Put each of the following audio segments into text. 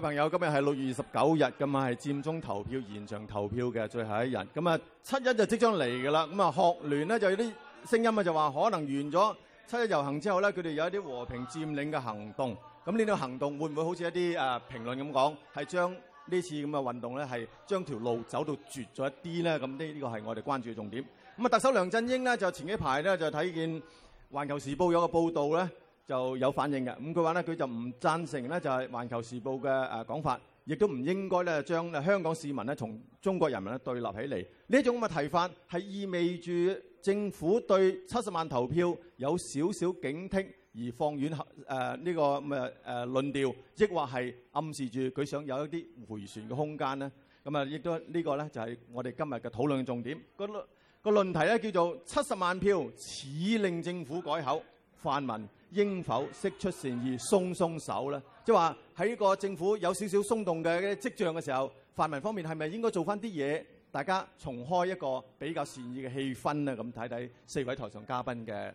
朋友，今天是日係六月二十九日，咁啊係佔中投票延長投票嘅最後一日。咁啊，七一就即將嚟㗎啦。咁啊，學聯咧就有啲聲音啊，就話可能完咗七一遊行之後咧，佢哋有一啲和平佔領嘅行動。咁呢啲行動會唔會好似一啲誒、呃、評論咁講，係將呢次咁嘅運動咧係將條路走到絕咗一啲咧？咁呢呢個係我哋關注嘅重點。咁啊，特首梁振英咧就前幾排咧就睇見《環球時報》有個報導咧。就有反應嘅，咁佢話咧，佢就唔贊成咧，就係《環球時報》嘅誒講法，亦都唔應該咧將香港市民咧從中國人民咧對立起嚟。呢一種咁嘅提法係意味住政府對七十萬投票有少少警惕而放遠誒呢個咁嘅誒論調，抑或係暗示住佢想有一啲迴旋嘅空間咧？咁啊，亦都呢個咧就係我哋今日嘅討論重點。個個論題咧叫做七十萬票似令政府改口。泛民應否釋出善意鬆鬆手咧？即係話喺個政府有少少鬆動嘅跡象嘅時候，泛民方面係咪應該做翻啲嘢，大家重開一個比較善意嘅氣氛咧？咁睇睇四位台上嘉賓嘅誒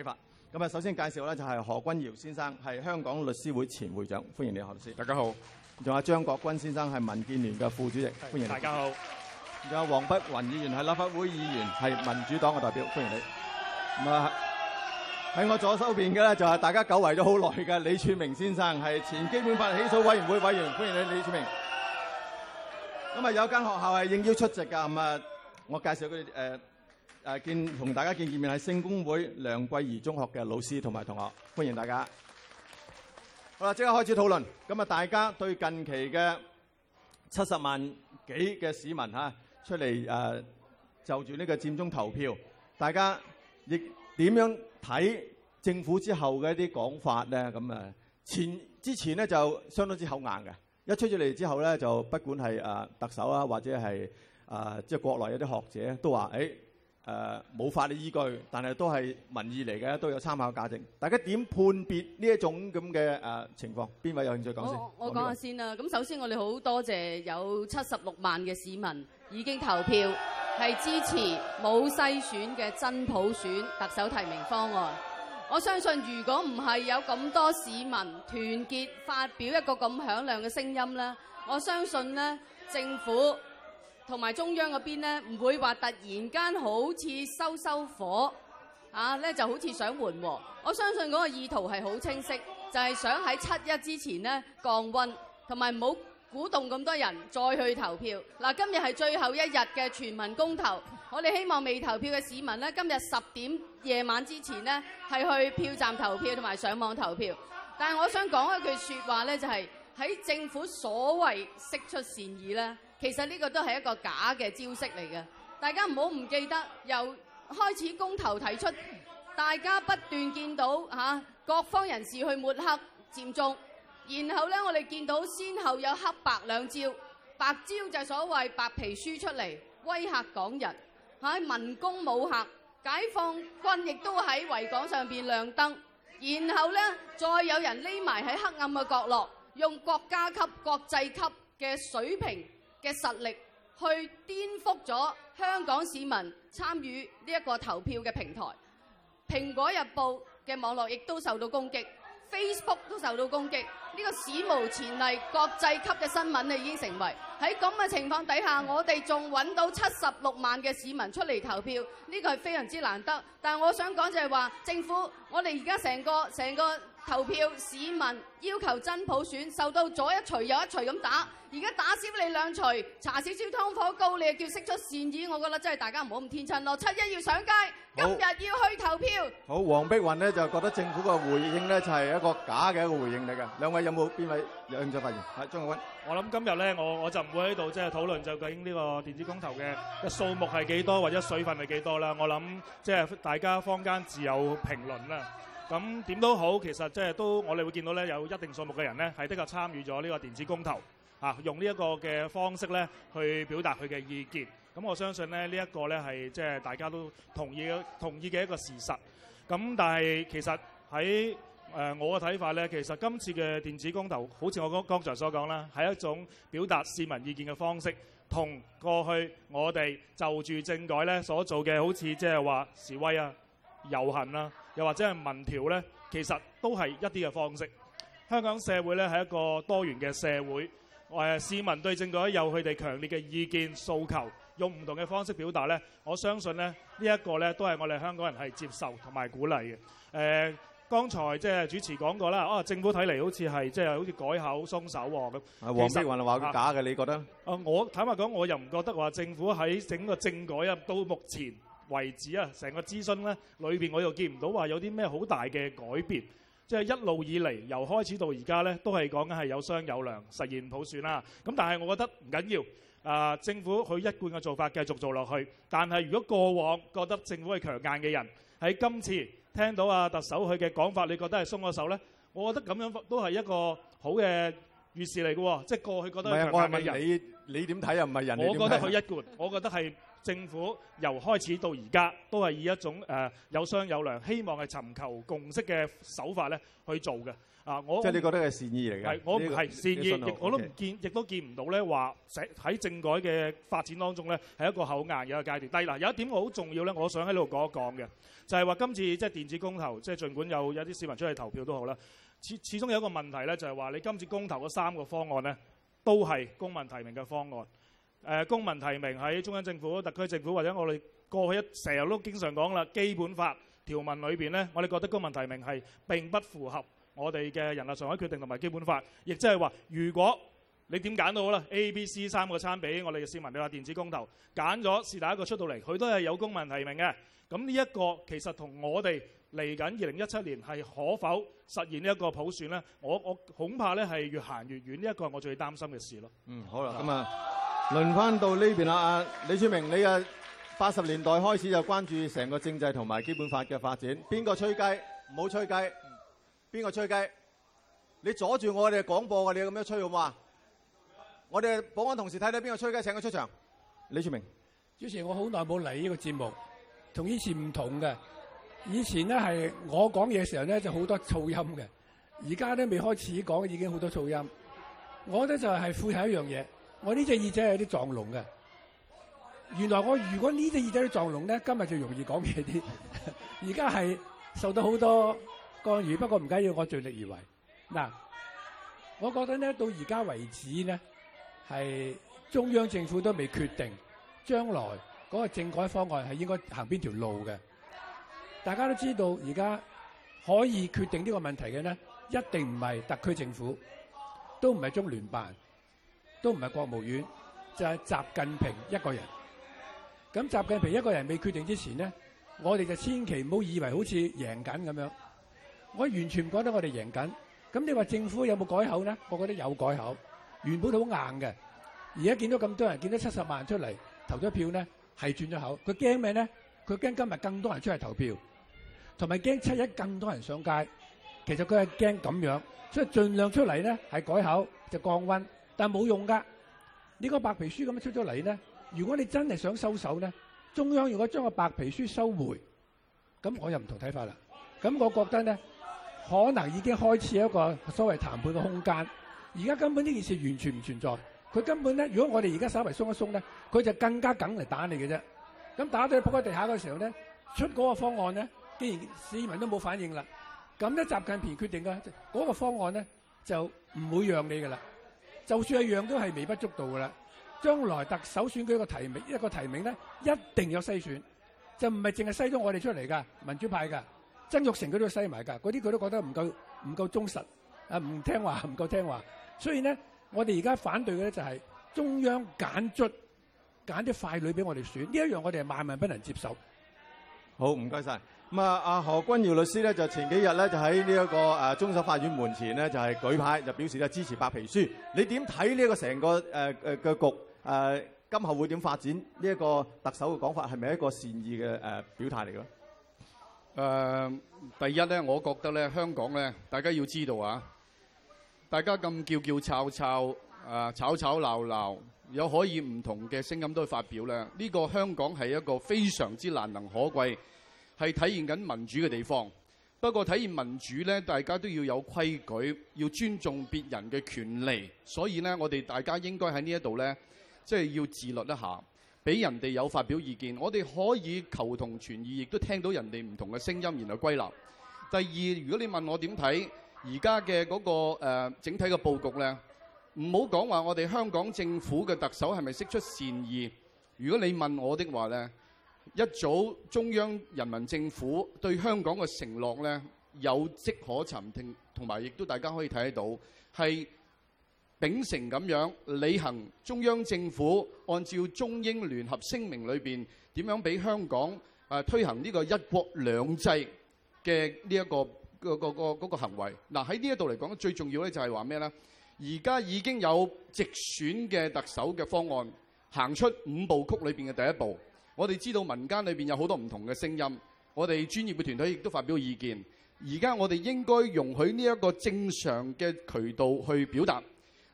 睇法。咁啊，首先介紹咧就係、是、何君瑤何君堯先生，係香港律師會前會長，歡迎你何律師，大家好。仲有張國鈞先生係民建聯嘅副主席，是歡迎大家好。仲有黃碧雲議員係立法會議員，係民主黨嘅代表，歡迎你。咁啊。喺我左手邊嘅咧就係大家久違咗好耐嘅李柱銘先生，係前基本法起草委員會委員，歡迎你，李柱銘。咁啊有間學校係應邀出席㗎，咁啊我介紹佢誒誒見同大家見見面，係聖公會梁季彝中學嘅老師同埋同學，歡迎大家。好啦，即刻開始討論。咁啊，大家對近期嘅七十萬幾嘅市民吓出嚟誒、呃、就住呢個佔中投票，大家亦，點樣睇政府之後嘅一啲講法咧？咁啊，前之前咧就相當之口硬嘅，一出咗嚟之後咧，就不管係誒特首啊，或者係誒即係國內有啲學者都話：誒誒冇法律依據，但係都係民意嚟嘅，都有參考價值。大家點判別呢一種咁嘅誒情況？邊位有興趣講先？我，我講下先啦。咁首先我哋好多謝有七十六萬嘅市民已經投票，係支持冇篩選嘅真普選特首提名方案。我相信如果唔係有咁多市民團結發表一個咁響亮嘅聲音呢，我相信呢，政府同埋中央嗰邊呢，唔會話突然間好似收收火啊就好似想緩和。我相信嗰個意圖係好清晰，就係想喺七一之前呢降溫同埋冇。鼓動咁多人再去投票。嗱，今日係最後一日嘅全民公投，我哋希望未投票嘅市民咧，今日十點夜晚之前咧，係去票站投票同埋上網投票。但係我想講一句説話咧，就係喺政府所謂釋出善意咧，其實呢個都係一個假嘅招式嚟嘅。大家唔好唔記得，由開始公投提出，大家不斷見到吓各方人士去抹黑佔中。然後咧，我哋見到先後有黑白兩招，白招就係所謂白皮書出嚟威嚇港人，喺民工武嚇，解放軍亦都喺維港上面亮燈。然後咧，再有人匿埋喺黑暗嘅角落，用國家級、國際級嘅水平嘅實力去顛覆咗香港市民參與呢一個投票嘅平台。蘋果日報嘅網絡亦都受到攻擊，Facebook 都受到攻擊。呢個史無前例國際級嘅新聞已經成為，喺咁嘅情況底下我哋仲揾到七十六萬嘅市民出嚟投票，呢個係非常之難得，但係我想講就係話政府，我哋而家成個成個投票市民要求真普選，受到左一錘右一錘咁打，而家打少你兩錘，查少少通火高，你叫釋出善意，我覺得真係大家唔好咁天真咯。七一要上街，好今日要去投票。好，黃碧雲呢就覺得政府個回應呢就係、是、一個假嘅一個回應嚟嘅。兩位有冇邊位有興趣發言？張國鈞。我諗今日咧，我我就唔會喺度即係討論就究竟呢個電子公投嘅數目係幾多，或者水分係幾多啦。我諗即係大家坊間自有評論啦。咁點都好，其實即係都我哋會見到咧，有一定數目嘅人咧，係的確參與咗呢個電子公投，啊用呢一個嘅方式咧，去表達佢嘅意見。咁我相信咧，這個、呢一個咧係即係大家都同意嘅，同意嘅一個事實。咁但係其實喺、呃、我嘅睇法咧，其實今次嘅電子公投，好似我剛才所講啦，係一種表達市民意見嘅方式，同過去我哋就住政改咧所做嘅，好似即係話示威啊、遊行啦、啊。又或者係民調咧，其實都係一啲嘅方式。香港社會咧係一個多元嘅社會，誒市民對政改有佢哋強烈嘅意見訴求，用唔同嘅方式表達咧，我相信咧呢一、呢個咧都係我哋香港人係接受同埋鼓勵嘅。誒、呃，剛才即係主持講過啦，啊政府睇嚟好似係即係好似改口鬆手喎、啊、咁。啊黃碧雲話假嘅，你覺得？啊我坦白講，我又唔覺得話政府喺整個政改入到目前，位置啊，成個諮詢呢裏面，我又見唔到話有啲咩好大嘅改變，即係一路以嚟由開始到而家呢，都係講緊係有商有量，實現普選啦。咁但係我覺得唔緊要，啊政府佢一貫嘅做法繼續做落去。但係如果過往覺得政府係強硬嘅人，喺今次聽到啊特首佢嘅講法，你覺得係鬆咗手呢？我覺得咁樣都係一個好嘅預示嚟嘅喎，即係過去覺得強硬嘅人，我問你，你點睇又唔係人啊，我覺得佢一貫，我覺得係。政府由開始到而家都係以一種誒、呃、有商有量，希望係尋求共識嘅手法咧去做嘅。啊，我即係你覺得係善意嚟嘅，係我係、這個、善意，亦我都唔見，亦 okay. 都見唔到咧話喺政改嘅發展當中咧係一個口硬嘅一個階段。第嗱有一點好重要咧，我想喺呢度講一講嘅，就係、是、話今次即係電子公投，即係儘管有有啲市民出去投票都好啦，始始終有一個問題咧，就係、是、話你今次公投嘅三個方案咧，都係公民提名嘅方案。誒、呃、公民提名喺中央政府、特區政府或者我哋過去一成日都經常講啦，基本法條文裏邊呢，我哋覺得公民提名係並不符合我哋嘅《人大常委決定》同埋《基本法》，亦即係話，如果你點揀都好啦，A、B、C 三個參比，我哋嘅市民你話電子公投揀咗是第一個出到嚟，佢都係有公民提名嘅。咁呢一個其實同我哋嚟緊二零一七年係可否實現呢一個普選呢？我我恐怕呢係越行越遠，呢、這、一個係我最擔心嘅事咯。嗯，好啦，咁啊。輪翻到呢邊啦，李柱銘，你嘅八十年代開始就關注成個政制同埋基本法嘅發展。邊個吹雞？唔好吹雞！邊個吹雞？你阻住我哋廣播嘅，你咁樣吹好唔好啊？我哋保安同事睇睇邊個吹雞，請佢出場。李柱銘，主持我好耐冇嚟呢個節目，同以前唔同嘅。以前呢係我講嘢嘅時候咧就好多噪音嘅，而家咧未開始講已經好多噪音。我覺得就係呼喚一樣嘢。我呢隻耳仔有啲撞聾嘅，原來我如果呢隻耳仔都撞聾咧，今日就容易講嘢啲。而家係受到好多干預，不過唔緊要，我盡力而為。嗱，我覺得咧，到而家為止咧，係中央政府都未決定將來嗰個政改方案係應該行邊條路嘅。大家都知道，而家可以決定呢個問題嘅咧，一定唔係特區政府，都唔係中聯辦。都唔係國務院，就係習近平一個人。咁習近平一個人未決定之前呢，我哋就千祈唔好以為好似贏緊咁樣。我完全唔覺得我哋贏緊。咁你話政府有冇改口呢？我覺得有改口。原本好硬嘅，而家見到咁多人，見到七十萬出嚟投咗票呢，係轉咗口。佢驚咩呢？佢驚今日更多人出嚟投票，同埋驚七一更多人上街。其實佢係驚咁樣，所以儘量出嚟呢，係改口，就降溫。但係冇用㗎！呢個白皮書咁樣出咗嚟咧，如果你真係想收手咧，中央如果將個白皮書收回，咁我又唔同睇法啦。咁我覺得咧，可能已經開始一個所謂談判嘅空間。而家根本呢件事完全唔存在。佢根本咧，如果我哋而家稍微鬆一鬆咧，佢就更加梗嚟打你嘅啫。咁打到你撲喺地下嘅時候咧，出嗰個方案咧，既然市民都冇反應啦，咁咧習近平決定嘅嗰個方案咧，就唔會讓你㗎啦。就算一樣都係微不足道㗎啦，將來特首選舉一個提名一個提名咧，一定有篩選，就唔係淨係篩咗我哋出嚟㗎，民主派㗎，曾玉成佢都要篩埋㗎，嗰啲佢都覺得唔夠唔夠忠實啊，唔聽話唔夠聽話，所以咧，我哋而家反對嘅咧就係中央揀卒揀啲傀儡俾我哋選，呢一樣我哋係萬萬不能接受。好，唔該晒。咁啊！阿何君堯律師咧，就前幾日咧，就喺呢一個誒終審法院門前咧，就係、是、舉牌，就表示咧支持白皮書。你點睇呢一個成個誒誒嘅局？誒、呃，今後會點發展？呢、這、一個特首嘅講法係咪一個善意嘅誒、呃、表態嚟咧？誒、呃，第一咧，我覺得咧，香港咧，大家要知道啊，大家咁叫叫吵吵啊，吵吵鬧鬧，有可以唔同嘅聲音都去發表咧。呢、這個香港係一個非常之難能可貴。係體現緊民主嘅地方，不過體現民主呢，大家都要有規矩，要尊重別人嘅權利。所以呢，我哋大家應該喺呢一度呢，即係要自律一下，俾人哋有發表意見。我哋可以求同存異，亦都聽到人哋唔同嘅聲音，然後歸納。第二，如果你問我點睇而家嘅嗰個、呃、整體嘅佈局呢？唔好講話我哋香港政府嘅特首係咪釋出善意。如果你問我的話呢。一早中央人民政府對香港嘅承諾咧，有迹可尋，同同埋亦都大家可以睇得到係秉承咁樣履行中央政府按照中英聯合聲明裏邊點樣俾香港誒、呃、推行呢個一國兩制嘅呢一個、嗰個、嗰個、嗰個、嗰個行為。嗱，喺呢一度嚟講最重要咧就係話咩咧？而家已經有直選嘅特首嘅方案行出五步曲裏邊嘅第一步。我哋知道民間裏面有好多唔同嘅聲音，我哋專業嘅團隊亦都發表意見。而家我哋應該容許呢一個正常嘅渠道去表達。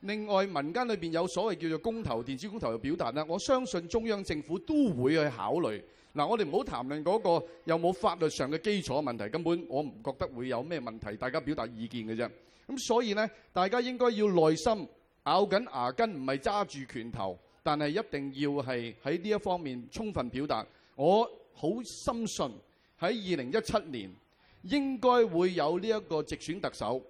另外，民間裏面有所謂叫做公投、電子公投嘅表達，我相信中央政府都會去考慮。嗱，我哋唔好談論嗰個有冇法律上嘅基礎問題，根本我唔覺得會有咩問題。大家表達意見嘅啫。咁所以呢，大家應該要耐心，咬緊牙根，唔係揸住拳頭。但係一定要係喺呢一方面充分表達，我好深信喺二零一七年應該會有呢一個直選特首。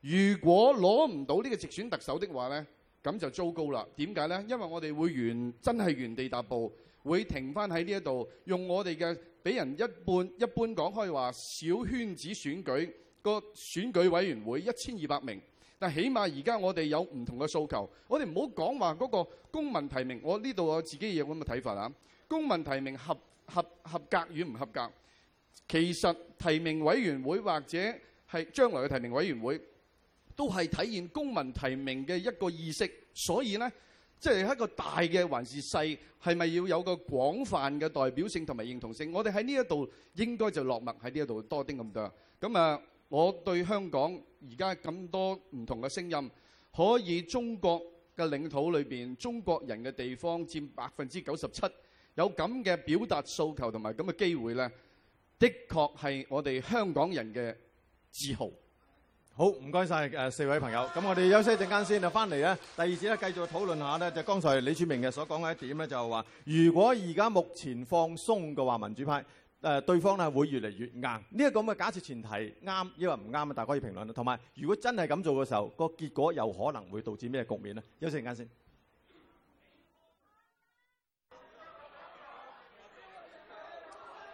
如果攞唔到呢個直選特首的話呢，咁就糟糕啦。點解呢？因為我哋會原真係原地踏步，會停翻喺呢一度，用我哋嘅俾人一半一般講開話，小圈子選舉個選舉委員會一千二百名。但起碼而家我哋有唔同嘅訴求，我哋唔好講話嗰個公民提名。我呢度我自己有咁嘅睇法嚇。公民提名合合合格與唔合格，其實提名委員會或者係將來嘅提名委員會，都係體現公民提名嘅一個意識。所以呢，即係一個大嘅還是細，係咪要有個廣泛嘅代表性同埋認同性？我哋喺呢一度應該就落墨喺呢一度多啲咁多。咁啊～我對香港而家咁多唔同嘅聲音，可以中國嘅領土裏邊中國人嘅地方佔百分之九十七，有咁嘅表達訴求同埋咁嘅機會呢，的確係我哋香港人嘅自豪。好，唔該晒誒四位朋友，咁我哋休息一陣間先啊，翻嚟咧第二節咧繼續討論下呢就剛、是、才李柱銘嘅所講嘅一點咧、就是，就係話如果而家目前放鬆嘅話，民主派。誒對方咧會越嚟越硬，呢、這、一個咁嘅假設前提啱抑或唔啱啊！大家可以評論同埋如果真係咁做嘅時候，個結果有可能會導致咩局面？咧？休息陣間先。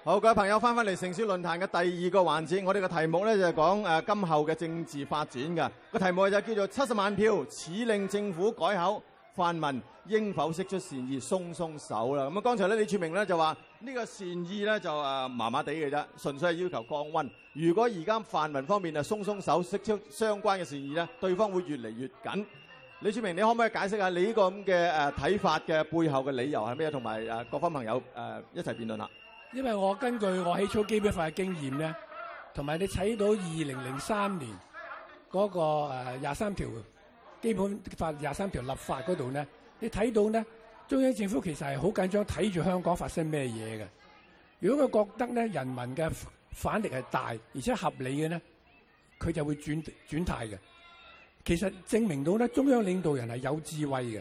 好，各位朋友翻返嚟城市論壇嘅第二個環節，我哋嘅題目咧就係講誒今後嘅政治發展嘅個題目就叫做七十萬票，似令政府改口，泛民應否釋出善意鬆鬆手啦？咁啊，剛才咧李柱銘咧就話。呢個善意咧就誒麻麻地嘅啫，純粹係要求降溫。如果而家泛民方面啊鬆鬆手釋出相關嘅善意咧，對方會越嚟越緊。李柱銘，你可唔可以解釋下你呢個咁嘅誒睇法嘅背後嘅理由係咩？同埋誒各方朋友誒、啊、一齊辯論啦。因為我根據我起草基本法嘅經驗咧，同埋你睇到二零零三年嗰、那個廿三條基本法廿三條立法嗰度咧，你睇到咧。中央政府其實係好緊張睇住香港發生咩嘢嘅。如果佢覺得咧人民嘅反力係大而且合理嘅咧，佢就會轉轉態嘅。其實證明到咧中央領導人係有智慧嘅，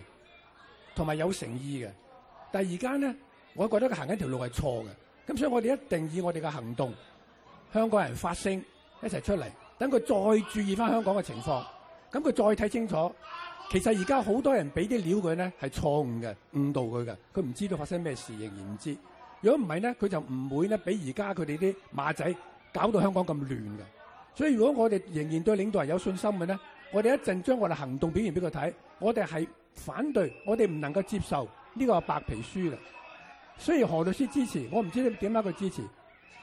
同埋有誠意嘅。但係而家咧，我覺得佢行緊條路係錯嘅。咁所以，我哋一定以我哋嘅行動，香港人發聲，一齊出嚟，等佢再注意返香港嘅情況。咁佢再睇清楚。其實而家好多人俾啲料佢咧係錯誤嘅，誤導佢嘅，佢唔知道發生咩事，仍然唔知。如果唔係咧，佢就唔會咧俾而家佢哋啲馬仔搞到香港咁亂嘅。所以如果我哋仍然對領導人有信心嘅咧，我哋一陣將我哋行動表現俾佢睇，我哋係反對，我哋唔能夠接受呢個白皮書嘅。雖然何律師支持，我唔知點解佢支持，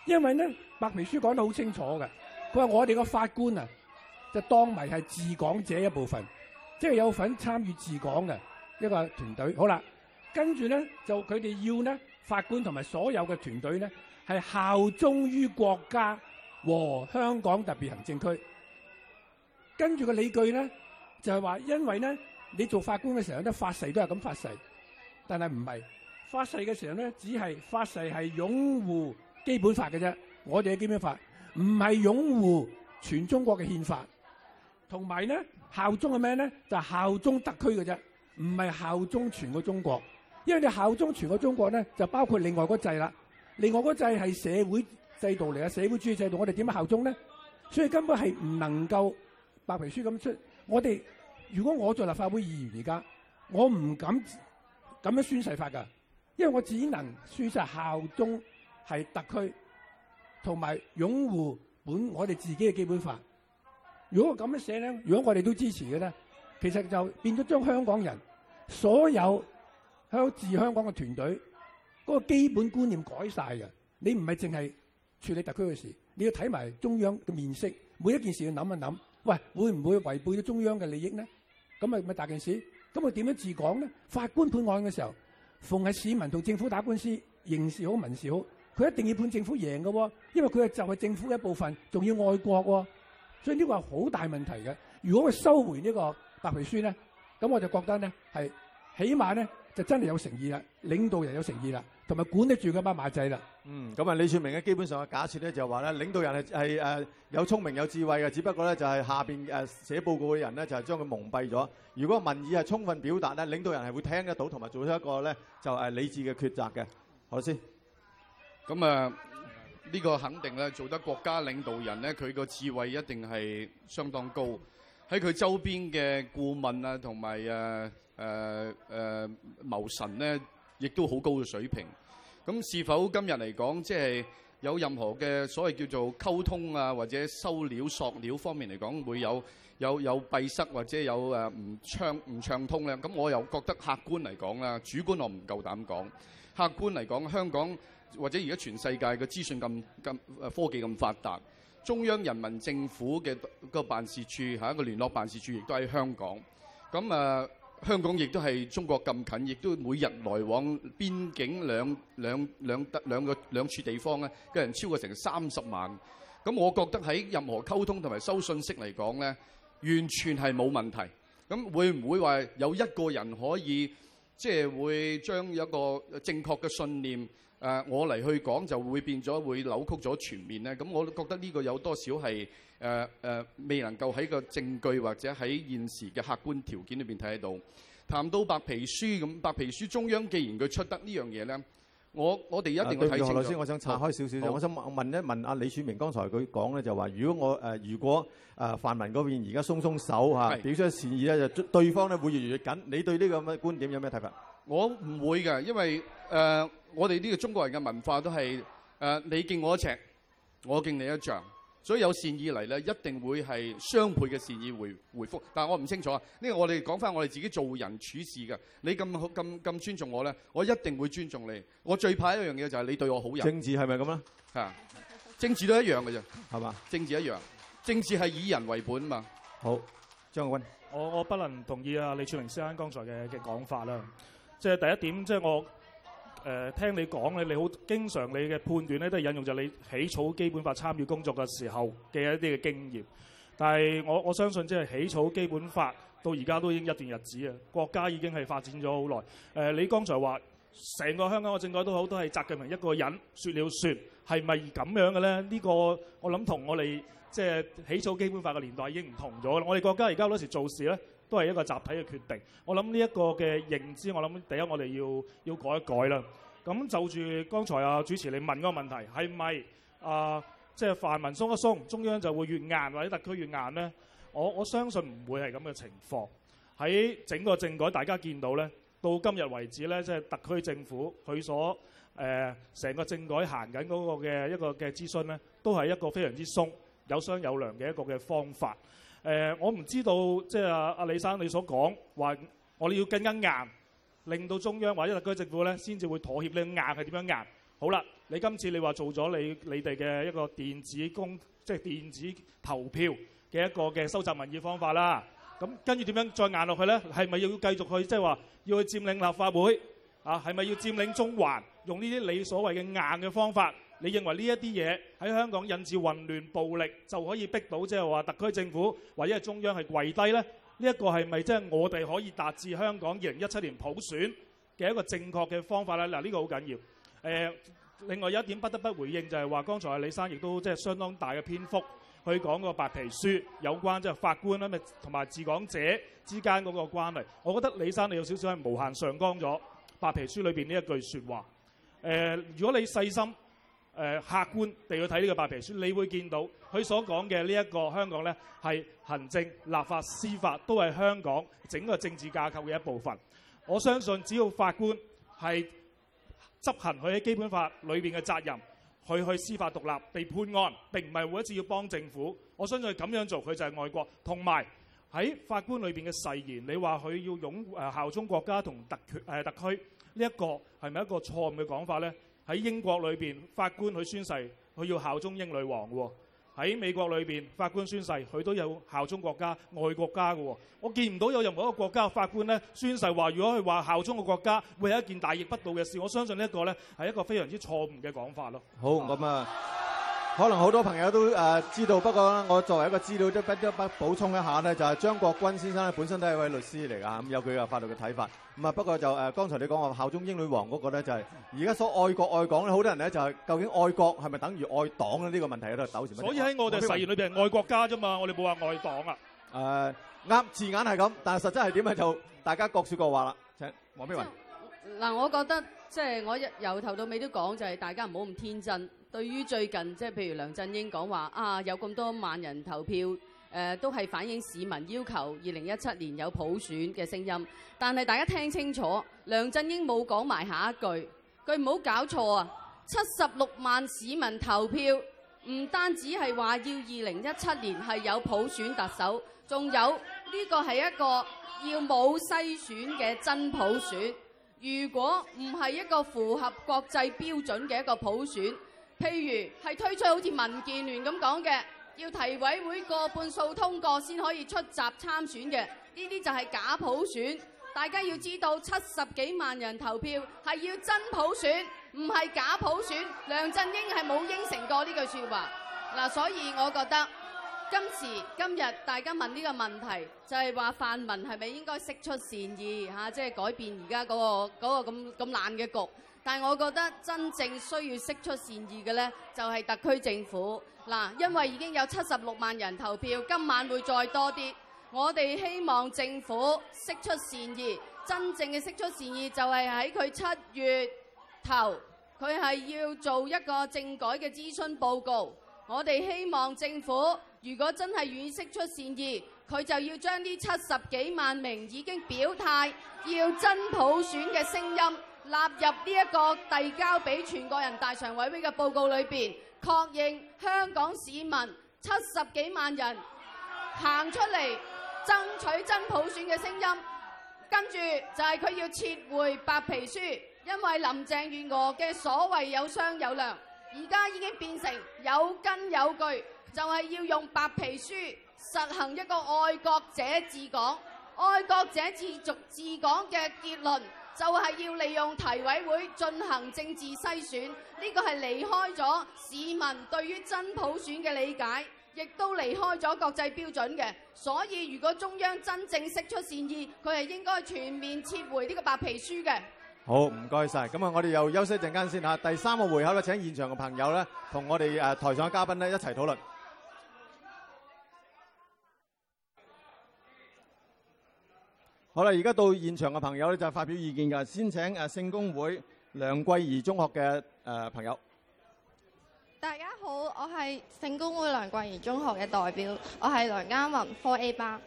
因為咧白皮書講得好清楚嘅，佢話我哋個法官啊，就當埋係治港者一部分。即係有份參與治港嘅一個團隊，好啦，跟住咧就佢哋要咧法官同埋所有嘅團隊咧係效忠於國家和香港特別行政區。跟住個理據咧就係話，因為咧你做法官嘅時候咧發誓都係咁發誓，但係唔係發誓嘅時候咧，只係發誓係擁護基本法嘅啫。我哋嘅基本法唔係擁護全中國嘅憲法。同埋咧，效忠係咩咧？就係效忠特區嘅啫，唔係效忠全個中國，因為你效忠全個中國咧，就包括另外嗰制啦。另外嗰制係社會制度嚟嘅，社會主義制度。我哋點樣效忠咧？所以根本係唔能夠白皮書咁出。我哋如果我做立法會議員而家，我唔敢咁樣宣誓法㗎，因為我只能宣誓效忠係特區同埋擁護本我哋自己嘅基本法。如果咁樣寫咧，如果我哋都支持嘅咧，其實就變咗將香港人所有香港治香港嘅團隊嗰、那個基本觀念改晒嘅。你唔係淨係處理特區嘅事，你要睇埋中央嘅面色，每一件事要諗一諗，喂，會唔會違背咗中央嘅利益咧？咁咪咪大件事。咁佢點樣治港咧？法官判案嘅時候，逢係市民同政府打官司，刑事好民事好，佢一定要判政府贏嘅喎、哦，因為佢係就係政府一部分，仲要愛國喎、哦。所以呢個係好大問題嘅。如果佢收回呢個白皮書咧，咁我就覺得咧係起碼咧就真係有誠意啦，領導人有誠意啦，同埋管得住嗰班馬仔啦。嗯，咁啊，李柱銘嘅基本上嘅假設咧就係話咧，領導人係係誒有聰明有智慧嘅，只不過咧就係下邊誒寫報告嘅人咧就係將佢蒙蔽咗。如果民意係充分表達咧，領導人係會聽得到同埋做出一個咧就係理智嘅抉擇嘅。好先，咁啊。呃呢個肯定咧，做得國家領導人咧，佢個智慧一定係相當高。喺佢周邊嘅顧問啊，同埋誒誒誒謀臣咧，亦都好高嘅水平。咁是否今日嚟講，即係有任何嘅所謂叫做溝通啊，或者收料、索料方面嚟講，會有有有閉塞或者有誒唔暢唔暢通咧？咁我又覺得客觀嚟講啦，主觀我唔夠膽講。客觀嚟講，香港。或者而家全世界嘅資訊咁咁誒科技咁發達，中央人民政府嘅個辦事處係一個聯絡辦事處，亦都喺香港咁啊，香港亦都係中國咁近，亦都每日來往邊境兩兩兩得兩個兩,兩,兩處地方咧嘅人超過成三十萬。咁我覺得喺任何溝通同埋收信息嚟講咧，完全係冇問題。咁會唔會話有一個人可以即係、就是、會將一個正確嘅信念？誒、啊，我嚟去講就會變咗，會扭曲咗全面咧。咁我覺得呢個有多少係誒誒未能夠喺個證據或者喺現時嘅客觀條件裏邊睇得到。談到白皮書咁，白皮書中央既然佢出得呢樣嘢咧，我我哋一定會睇清楚。啊、對，我先我想拆開少少好我想問一問阿李柱銘，剛才佢講咧就話，如果我誒、呃、如果誒、呃、泛民嗰邊而家鬆鬆手嚇，啊、是表出善意咧，就對方咧會越嚟越緊。你對呢個咁嘅觀點有咩睇法？我唔會嘅，因為誒。呃我哋呢個中國人嘅文化都係、呃、你敬我一尺，我敬你一丈，所以有善意嚟咧，一定會係雙倍嘅善意回回覆但係我唔清楚啊，呢個我哋講翻我哋自己做人處事嘅，你咁咁咁尊重我咧，我一定會尊重你。我最怕一樣嘢就係你對我好人。政治係咪咁啦？嚇，政治都一樣嘅啫，係嘛？政治一樣，政治係以人為本嘛。好，張國鈞，我我不能同意啊李柱銘先生剛才嘅嘅講法啦。即係第一點，即係我。誒、呃、聽你講咧，你好經常你嘅判斷咧，都係引用就你起草基本法參與工作嘅時候嘅一啲嘅經驗。但係我我相信，即係起草基本法到而家都已經一段日子啊，國家已經係發展咗好耐。誒、呃，你剛才話成個香港嘅政改都好，都係習近平一個人説了算，係咪咁樣嘅呢？呢、呢個我諗同我哋即係起草基本法嘅年代已經唔同咗啦。我哋國家而家好多時做事呢，都係一個集體嘅決定。我諗呢一個嘅認知，我諗第一我哋要要改一改啦。咁就住剛才啊主持你問嗰個問題，係咪啊，即係泛民鬆一鬆，中央就會越硬或者特區越硬呢？我我相信唔會係咁嘅情況。喺整個政改，大家見到呢，到今日為止呢，即係特區政府佢所誒成個政改行緊嗰個嘅一個嘅諮詢呢，都係一個非常之鬆、有商有量嘅一個嘅方法。誒、呃，我唔知道，即係阿阿李生你所講話，我哋要更加硬，令到中央或者特區政府咧，先至會妥協。你硬係點樣硬？好啦，你今次你話做咗你你哋嘅一個電子公，即係電子投票嘅一個嘅收集民意方法啦。咁跟住點樣再硬落去咧？係咪要繼續去即係話要去佔領立法會啊？係咪要佔領中環，用呢啲你所謂嘅硬嘅方法？你認為呢一啲嘢喺香港引致混亂暴力，就可以逼到即係話特區政府或者係中央係跪低咧？呢、這、一個係咪即係我哋可以達至香港二零一七年普選嘅一個正確嘅方法咧？嗱，呢個好緊要。誒、呃，另外一點不得不回應就係話，剛才李生亦都即係相當大嘅篇幅去講個白皮書有關即係法官咧，咪同埋治港者之間嗰個關係。我覺得李生你有少少係無限上綱咗白皮書裏邊呢一句説話。誒、呃，如果你細心。客觀地去睇呢個白皮書，你會見到佢所講嘅呢一個香港呢係行政、立法、司法都係香港整個政治架構嘅一部分。我相信只要法官係執行佢喺基本法裏面嘅責任，佢去司法獨立、被判案，並唔係每一次要幫政府。我相信佢咁樣做，佢就係愛國。同埋喺法官裏面嘅誓言，你話佢要擁護效忠國家同特權特區，呢、這、一個係咪一個錯誤嘅講法呢？喺英國裏邊，法官佢宣誓佢要效忠英女王喎、哦；喺美國裏邊，法官宣誓佢都有效忠國家愛國家嘅喎、哦。我見唔到有任何一個國家法官呢宣誓話如果佢話效忠個國家會係一件大逆不道嘅事，我相信呢一個呢係一個非常之錯誤嘅講法咯。好，咁啊。可能好多朋友都誒知道，不過我作為一個資料，都不得不補充一下咧，就係張國鈞先生咧本身都係一位律師嚟㗎，咁有佢嘅法律嘅睇法。咁啊，不過就誒，剛才你講話效忠英女皇嗰個咧，就係而家所謂愛國愛港咧，好多人咧就係究竟愛國係咪等於愛黨咧？呢個問題喺度糾纏。所以喺我哋誓言裏邊係愛國家啫嘛，我哋冇話愛黨啊。誒啱字眼係咁，但係實質係點咧？就大家各説各話啦。請黃碧雲。嗱，我覺得即係我由頭到尾都講，就係大家唔好咁天真。對於最近即係譬如梁振英講話啊，有咁多萬人投票，呃、都係反映市民要求二零一七年有普選嘅聲音。但係大家聽清楚，梁振英冇講埋下一句，佢唔好搞錯啊！七十六萬市民投票，唔單止係話要二零一七年係有普選特首，仲有呢個係一個要冇篩選嘅真普選。如果唔係一個符合國際標準嘅一個普選，譬如係推出好似民建聯咁講嘅，要提委會過半數通過先可以出閘參選嘅，呢啲就係假普選。大家要知道七十幾萬人投票係要真普選，唔係假普選。梁振英係冇應承過呢句說話。嗱，所以我覺得今時今日大家問呢個問題，就係、是、話泛民係咪應該釋出善意即係、啊就是、改變而家嗰個嗰個咁咁爛嘅局。但我覺得真正需要釋出善意嘅咧，就係特區政府嗱，因為已經有七十六萬人投票，今晚會再多啲。我哋希望政府釋出善意，真正嘅釋出善意就係喺佢七月頭，佢係要做一個政改嘅諮詢報告。我哋希望政府，如果真係願意釋出善意，佢就要將呢七十幾萬名已經表態要真普選嘅聲音納入呢一個遞交俾全國人大常委會嘅報告裏面，確認香港市民七十幾萬人行出嚟爭取真普選嘅聲音，跟住就係佢要撤回白皮書，因為林鄭月娥嘅所謂有商有量，而家已經變成有根有據，就係要用白皮書實行一個愛國者治港、愛國者自續治港嘅結論，就係要利用提委會進行政治篩選，呢個係離開咗市民對於真普選嘅理解，亦都離開咗國際標準嘅。所以，如果中央真正釋出善意，佢係應該全面撤回呢個白皮書嘅。好，唔該晒。咁啊，我哋又休息陣間先嚇。第三個回合咧，請現場嘅朋友咧，同我哋誒台上嘅嘉賓咧一齊討論。好啦，而家到現場嘅朋友咧就發表意見㗎，先請誒聖公會梁桂怡中學嘅誒、呃、朋友。大家好，我係聖公會梁桂怡中學嘅代表，我係梁家文四 A 班。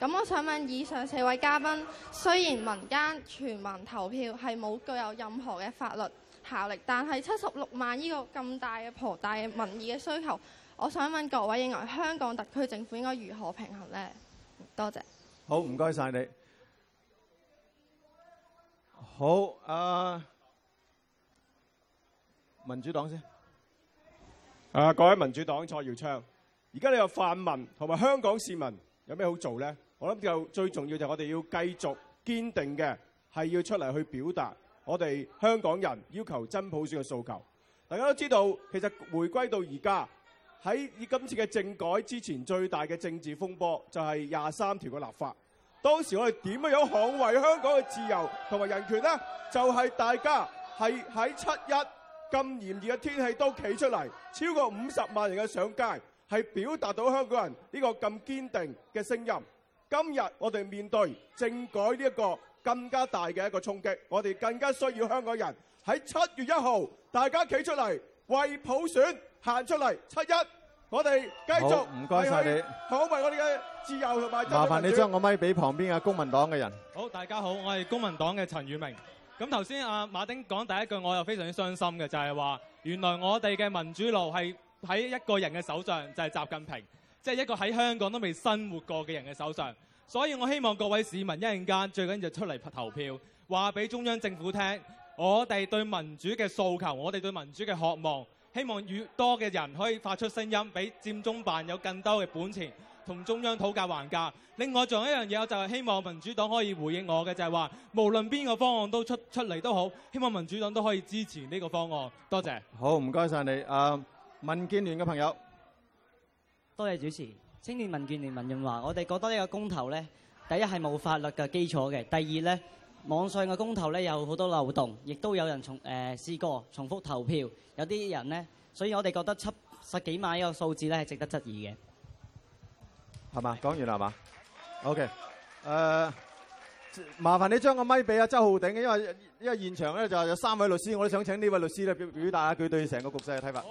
咁我想問以上四位嘉賓，雖然民間全民投票係冇具有任何嘅法律效力，但係七十六萬呢個咁大嘅龐大嘅民意嘅需求，我想問各位認為香港特區政府應該如何平衡咧？多謝，好，唔該晒你。好，啊，民主黨先。啊，各位民主黨蔡耀昌，而家你有泛民同埋香港市民有咩好做咧？我諗就最重要就係我哋要繼續堅定嘅，係要出嚟去表達我哋香港人要求真普選嘅訴求。大家都知道，其實回歸到而家，喺以今次嘅政改之前，最大嘅政治風波就係廿三條嘅立法。當時我哋點樣捍衞香港嘅自由同埋人權呢？就係大家係喺七一咁炎熱嘅天氣都企出嚟，超過五十萬人嘅上街，係表達到香港人呢個咁堅定嘅聲音。今日我哋面對政改呢一個更加大嘅一個衝擊，我哋更加需要香港人喺七月一號大家企出嚟為普選行出嚟七一。我哋繼續，唔該晒你。好，捍衞我哋嘅自由去同埋。麻煩你將個咪俾旁邊嘅公民黨嘅人。好，大家好，我係公民黨嘅陳宇明。咁頭先阿馬丁講第一句，我又非常之傷心嘅，就係話原來我哋嘅民主路係喺一個人嘅手上，就係習近平，即係一個喺香港都未生活過嘅人嘅手上。所以我希望各位市民一陣間最緊要就出嚟投票，話俾中央政府聽，我哋對民主嘅訴求，我哋對民主嘅渴望。希望越多嘅人可以發出聲音，俾佔中辦有更多嘅本錢，同中央討價還價。另外仲有一樣嘢，我就係希望民主黨可以回應我嘅，就係話無論邊個方案都出出嚟都好，希望民主黨都可以支持呢個方案。多謝。好，唔該曬你。啊，民建聯嘅朋友，多謝主持。青年民建聯文任華，我哋覺得呢個公投呢，第一係冇法律嘅基礎嘅，第二呢。」網上嘅公投咧有好多漏洞，亦都有人重誒、呃、試過重複投票，有啲人咧，所以我哋覺得七十幾萬呢個數字咧係值得質疑嘅，係嘛？講完啦，係嘛？OK，誒、呃，麻煩你將個咪俾阿周浩鼎，因為因為現場咧就有三位律師，我都想請呢位律師咧表表達下佢對成個局勢嘅睇法，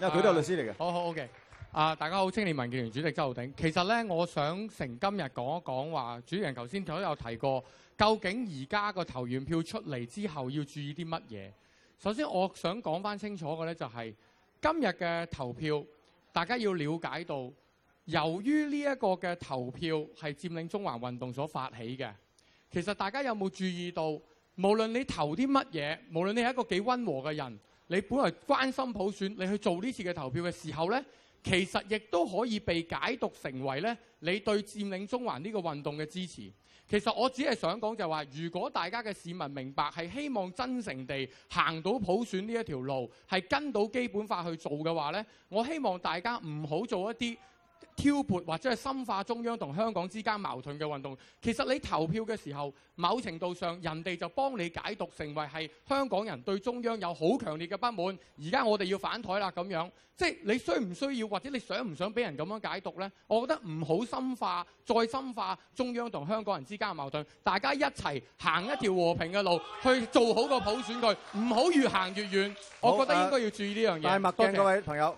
因為佢都係律師嚟嘅。好好，OK。啊！大家好，青年民建聯主席周浩鼎。其實咧，我想成今日講一講話，主持人頭先都有提過，究竟而家個投完票出嚟之後要注意啲乜嘢？首先，我想講翻清楚嘅咧、就是，就係今日嘅投票，大家要了解到，由於呢一個嘅投票係佔領中環運動所發起嘅，其實大家有冇注意到，無論你投啲乜嘢，無論你係一個幾溫和嘅人，你本來關心普選，你去做呢次嘅投票嘅時候咧。其實亦都可以被解讀成為咧，你對佔領中環呢個運動嘅支持。其實我只係想講就係話，如果大家嘅市民明白係希望真誠地行到普選呢一條路，係跟到基本法去做嘅話呢，我希望大家唔好做一啲挑撥或者係深化中央同香港之間矛盾嘅運動，其實你投票嘅時候，某程度上人哋就幫你解讀成為係香港人對中央有好強烈嘅不滿，而家我哋要反台啦咁樣。即係你需唔需要或者你想唔想俾人咁樣解讀呢？我覺得唔好深化，再深化中央同香港人之間嘅矛盾，大家一齊行一條和平嘅路，去做好個普選佢，唔好越行越遠。我覺得應該要注意呢樣嘢。戴墨鏡嗰位朋友，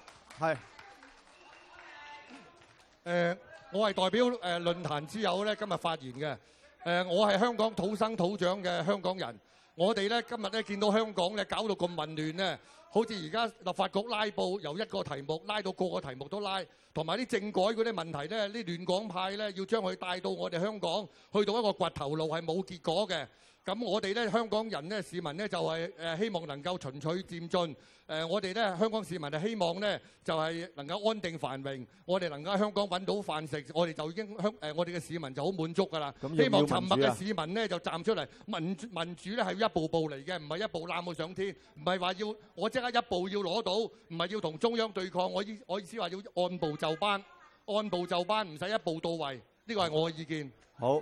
呃、我係代表誒、呃、論壇之友咧，今日發言嘅。呃。我係香港土生土長嘅香港人。我哋咧今日咧見到香港咧搞到咁混亂咧，好似而家立法局拉布，由一個題目拉到個個題目都拉，同埋啲政改嗰啲問題咧，呢，亂港派咧要將佢帶到我哋香港，去到一個掘頭路係冇結果嘅。咁我哋咧，香港人咧，市民咧，就係、是、誒、呃，希望能夠循序漸進。誒、呃，我哋咧，香港市民就希望咧，就係、是、能夠安定繁榮。我哋能夠喺香港揾到飯食，我哋就已經香誒、呃，我哋嘅市民就好滿足㗎喇。要要啊、希望沉默嘅市民咧，就站出嚟。民主民主咧係一步步嚟嘅，唔係一步攬佢上天，唔係話要我即刻一步要攞到，唔係要同中央對抗。我意我意思話要按部就班，按部就班，唔使一步到位。呢個係我嘅意見。好。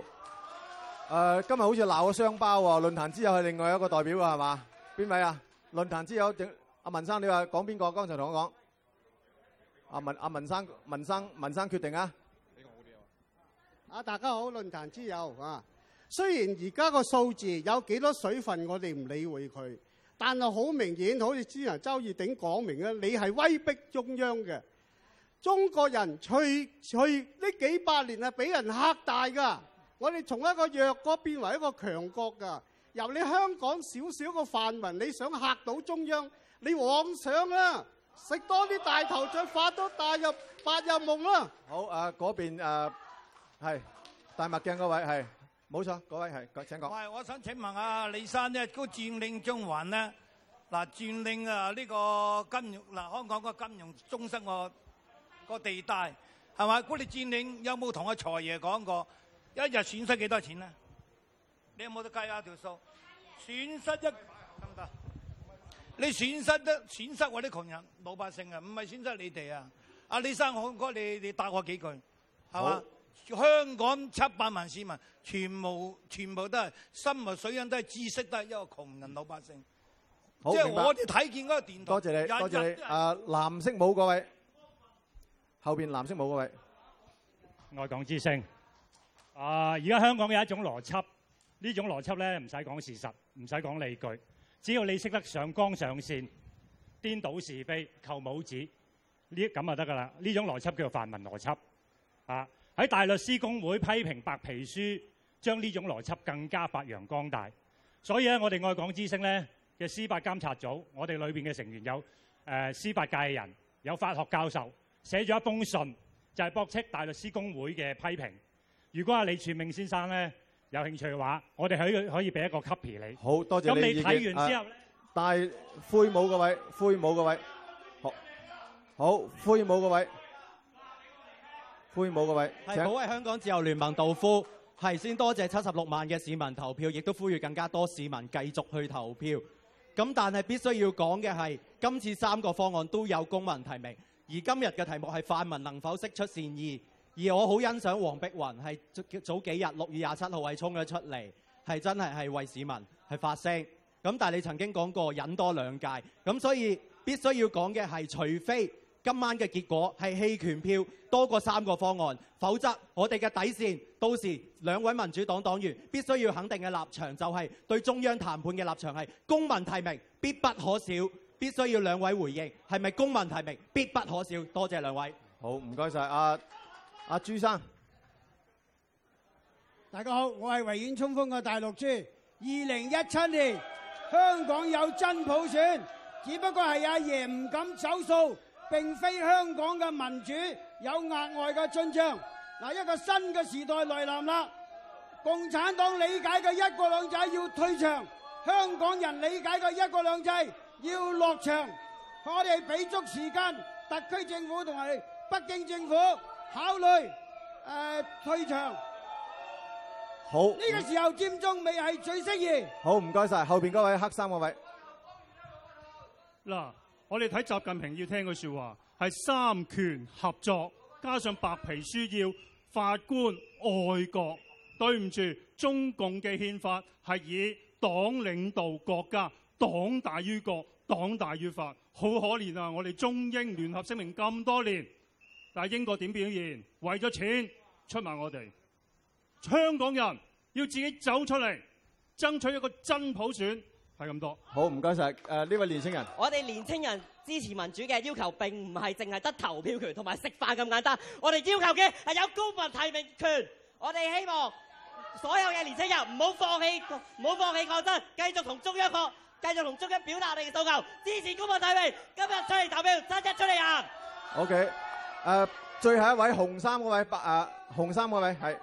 誒、呃，今日好似鬧咗雙包喎！論壇之友係另外一個代表噶係嘛？邊位啊？論壇之友，阿文生你說說，你話講邊個？剛才同我講，阿文阿、啊、文生，文生文生決定啊？啊！大家好，論壇之友啊！雖然而家個數字有幾多水分，我哋唔理會佢，但係好明顯，好似之前、啊、周儀鼎講明你係威逼中央嘅。中國人去去呢幾百年係，俾人嚇大噶。我哋從一個弱國變為一個強國㗎，由你香港少少個範圍，你想嚇到中央？你妄想啦！食多啲大頭菜，發多大白日夢啦！好啊，嗰邊啊，係戴墨鏡嗰位係冇錯，嗰位係請講。唔係，我想請問啊，李生呢嗰佔領中環呢？嗱佔領啊呢、啊呢個金融嗱、啊、香港個金融中心個、嗰個地帶係嘛？嗰啲佔領有冇同阿財爺講過？一日損失幾多錢咧？你有冇得計下條數？損失一，你損失得損失我啲窮人、老百姓啊，唔係損失你哋啊！阿李生，我唔該你，你答我幾句，係嘛好？香港七百萬市民，全部全部都係深埋水印都係知識，都係一個窮人、老百姓。即係我哋睇見嗰個電台。多謝你，人 多謝你。阿、啊、藍色帽嗰位，後邊藍色帽嗰位，愛港之聲。啊！而家香港有一種邏輯，呢種邏輯咧，唔使講事實，唔使講理據，只要你識得上綱上線，顛倒是非，扣帽子，呢咁就得噶啦。呢種邏輯叫做泛民邏輯啊。喺大律師公會批評白皮書，將呢種邏輯更加發揚光大。所以咧，我哋愛港之聲咧嘅司法監察組，我哋裏邊嘅成員有誒司法界嘅人，有法學教授，寫咗一封信，就係、是、駁斥大律師公會嘅批評。如果阿李柱銘先生咧有興趣嘅話，我哋係可以俾一個 copy 你。好多謝。咁你睇完之後咧？戴、啊、灰帽嗰位，灰帽嗰位，好好灰帽嗰位，灰帽嗰位。係好。係香港自由聯盟道夫，係先多謝七十六萬嘅市民投票，亦都呼籲更加多市民繼續去投票。咁但係必須要講嘅係，今次三個方案都有公民提名，而今日嘅題目係泛民能否釋出善意？而我好欣賞黃碧雲係早幾日六月廿七號，係衝咗出嚟，係真係係為市民係發聲咁。但係你曾經講過忍多兩屆咁，所以必須要講嘅係，除非今晚嘅結果係棄權票多過三個方案，否則我哋嘅底線到時兩位民主黨黨員必須要肯定嘅立場就係對中央談判嘅立場係公民提名必不可少，必須要兩位回應。係咪公民提名必不可少？多謝兩位。好唔該晒。謝謝啊！阿、啊、朱生，大家好，我係維園衝鋒嘅大陸豬。二零一七年香港有真普選，只不過係阿爺唔敢走數，並非香港嘅民主有額外嘅進賬。嗱，一個新嘅時代來臨啦！共產黨理解嘅一國兩制要退場，香港人理解嘅一國兩制要落場。我哋俾足時間特區政府同埋北京政府。考慮誒、呃、退場。好，呢個時候佔中未係最適宜。好唔該晒，後邊嗰位黑衫嗰位。嗱，我哋睇習近平要聽嘅說話，係三權合作加上白皮書要法官愛國。對唔住，中共嘅憲法係以黨領導國家，黨大於國，黨大於法。好可憐啊！我哋中英聯合聲明咁多年。但係英國點表現？為咗錢出賣我哋，香港人要自己走出嚟，爭取一個真普選。係咁多。好，唔該晒。誒呢位年青人，我哋年青人支持民主嘅要求並唔係淨係得投票權同埋食飯咁簡單。我哋要求嘅係有公民提名權。我哋希望所有嘅年青人唔好放棄，唔好放棄抗爭，繼續同中央講，繼續同中央表達你嘅訴求，支持公民提名。今日出嚟投票，七一出嚟行。OK。誒、呃，最後一位紅衫嗰位，白啊，紅衫嗰位係，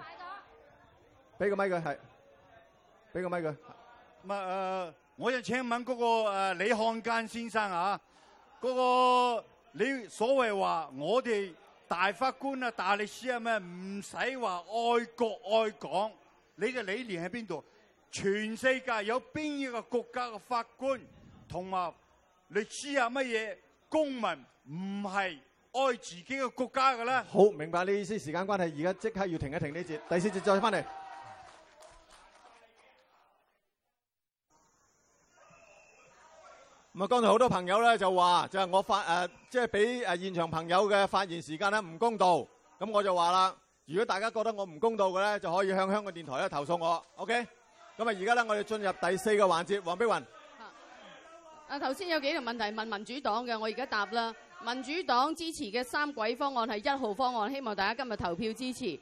俾個咪佢，係，俾個咪佢。咁啊、呃，我就請問嗰、那個誒、呃、李漢奸先生啊，嗰、那個你所謂話我哋大法官啊、大律師啊咩唔使話愛國愛港，你嘅理念喺邊度？全世界有邊一個國家嘅法官同埋律師啊乜嘢公民唔係？愛自己嘅國家嘅咧，好明白你意思。時間關係，而家即刻要停一停呢節，第四節再翻嚟。咁啊，剛才好多朋友咧就話，就係我發誒，即係俾誒現場朋友嘅發言時間咧唔公道。咁我就話啦，如果大家覺得我唔公道嘅咧，就可以向香港電台咧投訴我。OK，咁啊，而家咧我哋進入第四個環節，黃碧雲。啊，頭先有幾個問題問民主黨嘅，我而家答啦。民主黨支持嘅三軌方案係一號方案，希望大家今日投票支持。嗱，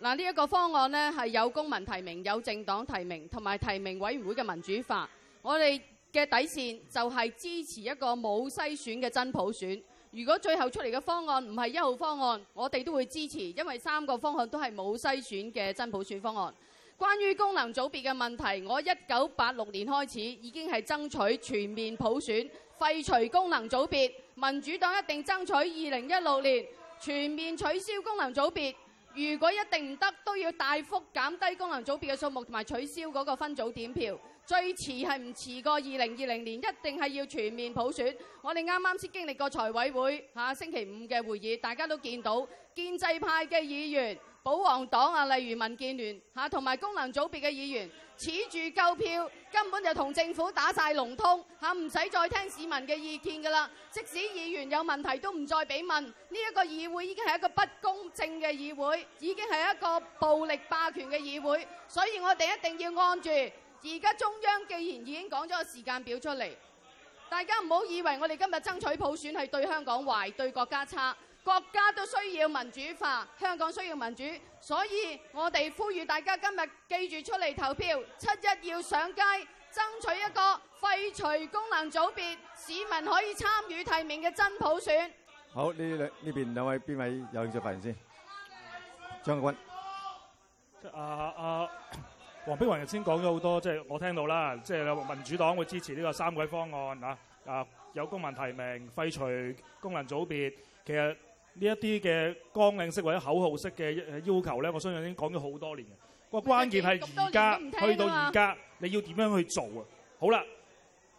呢、這、一個方案咧係有公民提名、有政黨提名同埋提名委員會嘅民主化。我哋嘅底線就係支持一個冇篩選嘅真普選。如果最後出嚟嘅方案唔係一號方案，我哋都會支持，因為三個方案都係冇篩選嘅真普選方案。關於功能組別嘅問題，我一九八六年開始已經係爭取全面普選。廢除功能組別，民主黨一定爭取二零一六年全面取消功能組別。如果一定唔得，都要大幅減低功能組別嘅數目，同埋取消嗰個分組點票。最遲係唔遲過二零二零年，一定係要全面普選。我哋啱啱先經歷過財委會下星期五嘅會議，大家都見到建制派嘅議員、保皇黨啊，例如民建聯吓，同埋功能組別嘅議員。恃住夠票，根本就同政府打晒籠通吓，唔使再聽市民嘅意見噶啦。即使議員有問題，都唔再俾問。呢一個議會已經係一個不公正嘅議會，已經係一個暴力霸權嘅議會。所以我哋一定要按住。而家中央既然已經講咗個時間表出嚟，大家唔好以為我哋今日爭取普選係對香港壞，對國家差。國家都需要民主化，香港需要民主，所以我哋呼籲大家今日記住出嚟投票，七一要上街爭取一個廢除功能組別、市民可以參與提名嘅真普選。好，呢呢邊兩位邊位有興趣發言先？張國鈞，阿阿、呃呃、黃碧雲先講咗好多，即係我聽到啦，即係民主黨會支持呢個三軌方案吓，啊有公民提名、廢除功能組別，其實。呢一啲嘅綱領式或者口號式嘅要求呢，我相信已經講咗好多年嘅。個關鍵係而家，去到而家，啊、你要點樣去做啊？好啦，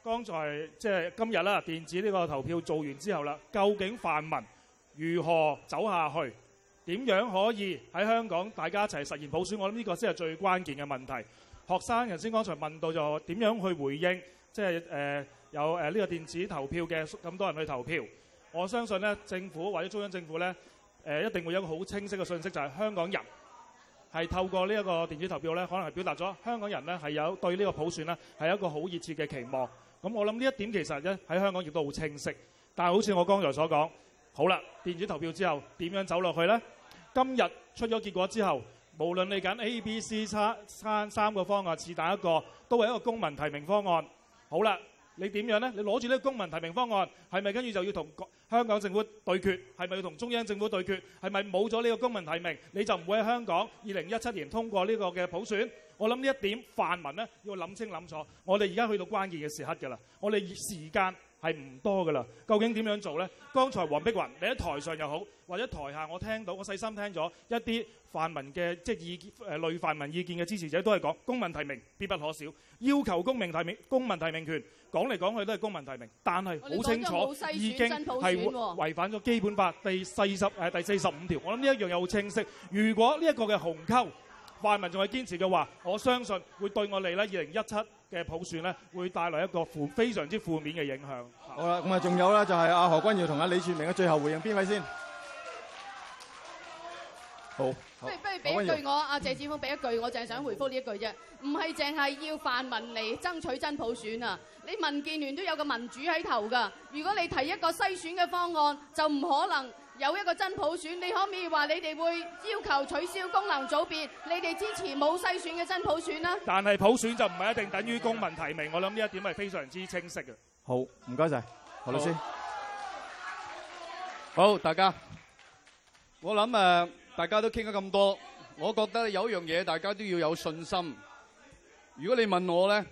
剛才即係、就是、今日啦，電子呢個投票做完之後啦，究竟泛民如何走下去？點樣可以喺香港大家一齊實現普選？我諗呢個先係最關鍵嘅問題。學生頭先剛才問到就點樣去回應，即、就、係、是呃、有呢個電子投票嘅咁多人去投票。我相信咧，政府或者中央政府咧，誒、呃、一定會有一個好清晰嘅訊息，就係、是、香港人係透過呢一個電子投票咧，可能係表達咗香港人咧係有對呢個普選咧係一個好熱切嘅期望。咁我諗呢一點其實咧喺香港亦都好清晰。但係好似我剛才所講，好啦，電子投票之後點樣走落去呢？今日出咗結果之後無論你揀 A、B、C 差三個方案，似第一個都係一個公民提名方案。好啦，你點樣呢？你攞住呢個公民提名方案，係咪跟住就要同？香港政府對決係咪要同中央政府對決？係咪冇咗呢個公民提名你就唔會喺香港二零一七年通過呢個嘅普選？我諗呢一點泛民呢要諗清諗楚，我哋而家去到關鍵嘅時刻㗎啦，我哋時間，係唔多噶啦，究竟點樣做呢？剛才黃碧雲，你喺台上又好，或者台下我聽到，我細心聽咗一啲泛民嘅即係意見，誒、呃、類泛民意見嘅支持者都係講公民提名必不可少，要求公民提名、公民提名權，講嚟講去都係公民提名，但係好清楚已經係違反咗基本法第四十、啊、第四十五條。我諗呢一樣又好清晰。如果呢一個嘅紅溝泛民仲係堅持嘅話，我相信會對我哋咧二零一七嘅普選咧，會帶來一個負非常之負面嘅影響。好啦，咁啊仲有咧就係阿何君堯同阿李柱銘嘅最後回應，邊位先？好，好不如不如俾一句我，阿、啊、謝志峰俾一句，我淨係想回覆呢一句啫，唔係淨係要泛民嚟爭取真普選啊！你民建聯都有個民主喺頭㗎，如果你提一個篩選嘅方案，就唔可能。有一個真普選，你可唔可以話你哋會要求取消功能組別？你哋支持冇篩選嘅真普選，但係普選就唔係一定等於公民提名，我諗呢一點係非常之清晰嘅。好，唔該晒，何老師。好，好好大家，我諗大家都傾咗咁多，我覺得有一樣嘢大家都要有信心。如果你問我咧，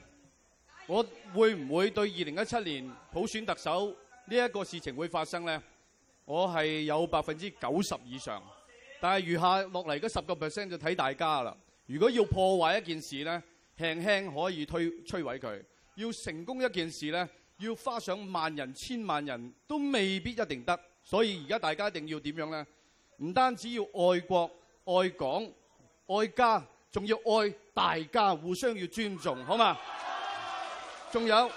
我會唔會對二零一七年普選特首呢一個事情會發生咧？我係有百分之九十以上，但係餘下落嚟嗰十個 percent 就睇大家啦。如果要破壞一件事咧，輕輕可以推摧毀佢；要成功一件事咧，要花上萬人、千萬人都未必一定得。所以而家大家一定要點樣咧？唔單止要愛國、愛港、愛家，仲要愛大家，互相要尊重，好嘛？仲有，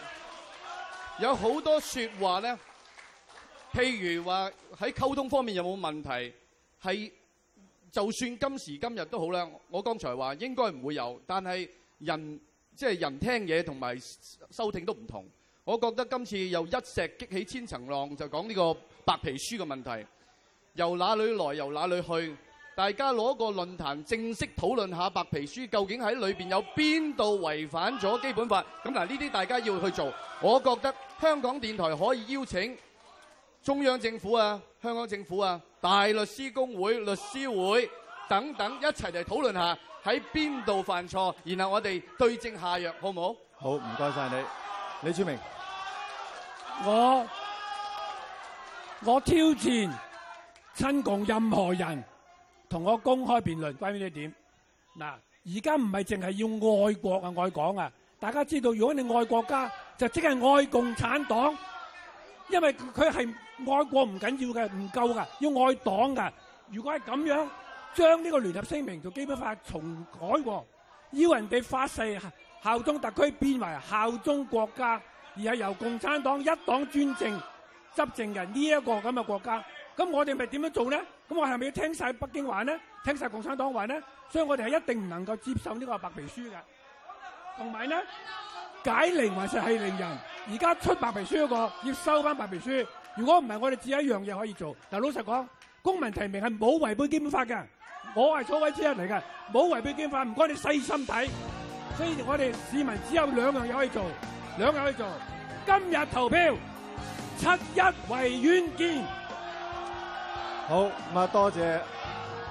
有好多說話咧。譬如話喺溝通方面有冇問題？係就算今時今日都好啦。我剛才話應該唔會有，但係人即係、就是、人聽嘢同埋收聽都唔同。我覺得今次又一石激起千層浪，就講呢個白皮書嘅問題，由哪裏來，由哪裏去？大家攞個論壇正式討論下白皮書究竟喺裏面有邊度違反咗基本法？咁嗱，呢啲大家要去做。我覺得香港電台可以邀請。中央政府啊，香港政府啊，大律師公會、律師會等等一齊嚟討論下喺邊度犯錯，然後我哋對症下藥，好唔好？好，唔該晒你，李柱銘，我我挑戰親共任何人同我公開辯論，關於呢點？嗱，而家唔係淨係要愛國啊、愛港啊，大家知道，如果你愛國家，就即係愛共產黨。因為佢係愛國唔緊要嘅，唔夠噶，要愛黨噶。如果係咁樣，將呢個聯合聲明做基本法重改喎，哦，要人哋發誓效忠特區變為效忠國家，而係由共產黨一黨專政執政人呢一個咁嘅國家，咁我哋咪點樣做咧？咁我係咪要聽晒北京話咧？聽晒共產黨話咧？所以我哋係一定唔能夠接受呢個白皮書嘅，同埋咧。解鈴還是繫鈴人，而家出白皮書嗰個要收翻白皮書。如果唔係，我哋只有一樣嘢可以做。嗱，老實講，公民提名係冇違背基本法嘅，我係草委之一嚟嘅，冇違背基本法，唔該你細心睇。所以我哋市民只有兩樣嘢可以做，兩樣可以做。今日投票，七一維園見。好，咁啊，多謝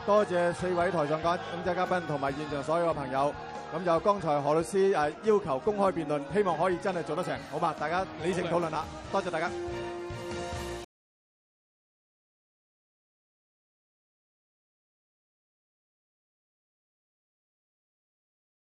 多謝四位台上講講嘉賓同埋現場所有嘅朋友。咁就剛才何律師誒要求公開辯論，希望可以真係做得成，好嘛？大家理性討論啦，的多謝大家。